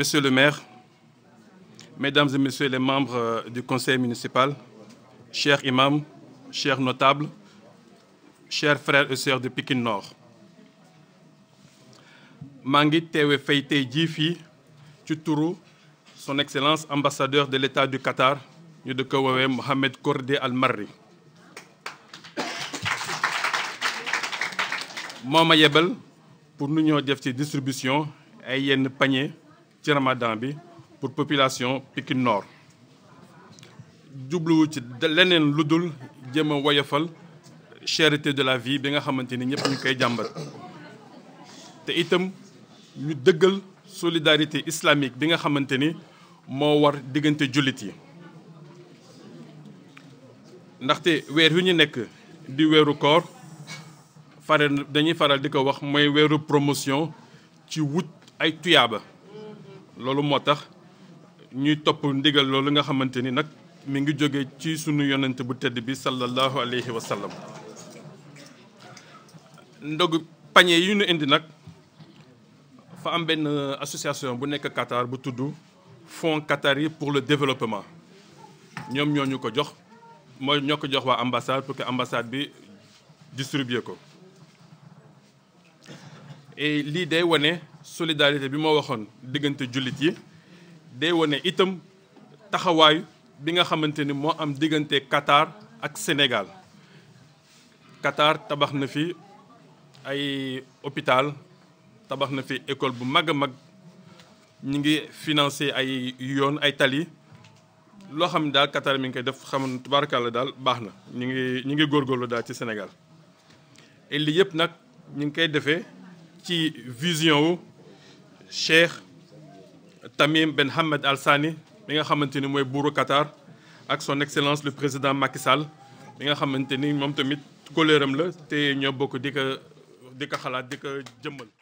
Monsieur le maire, mesdames et messieurs les membres euh, du conseil municipal, chers imams, chers notables, chers frères et sœurs de Pikine Nord maa ngi teewe fay tey jii fii ci turu son excellence ambassadeur de l'état du Qatar ñu di ko woowee Mohamed Kordé Al Marri moo ma yebal pour nu ñoo def ci distribution ay yenn panier ci ramadan bi pour population Pikine Nord jubluwu ci leneen lu dul jéem a woyofal cherté de la vie bi nga xamante ni ñëpp ñu koy jàmbat te itam ñu dëggal solidarité islamique bi nga xamante ni moo war diggante jullit yi ndaxte weer yu ñu nekk di weeru koor faral dañuy faral di ko wax mooy weeru promotion ci wut ay tuyaaba loolu moo tax ñuy topp ndigal loolu nga xamante ni nag mi ngi jóge ci sunu yonent bu tedd bi sallallahu alayhi wa sallam ndogu pañe yi ñu indi nag fa am benn association bu nekk Qatar bu tudd Fonds qatari pour le développement ñoom ñoo ñu ko jox mooy ñoo ko jox waa ambassade pour que ambassade bi distribuer ko lii day wane solidarité bi ma waxoon diggante jullit yi day wane itam taxawaay bi nga xamante ni moo am diggante Qatar ak Sénégal Qatar tabax na fi ay hôpital tabax na fi école bu mag a mag ñu ngi financé ay yoon ay tali loo xam ne daal Qatar mi ngi koy def xam tubaarkàlla daal baax na ñu ngi ñu ngi góorgóorlu daal ci Sénégal et lii yëpp nag ñu ngi koy defee ci vision wu Cheikh Tamim Ben Hamad Al Sani mi nga xamante ni mooy buuru Qatar ak son excellence le président Macky Sall mi nga xamante ni moom tamit koleeram la te ñoo bokk di ko di ko xalaat di ko jëmmal.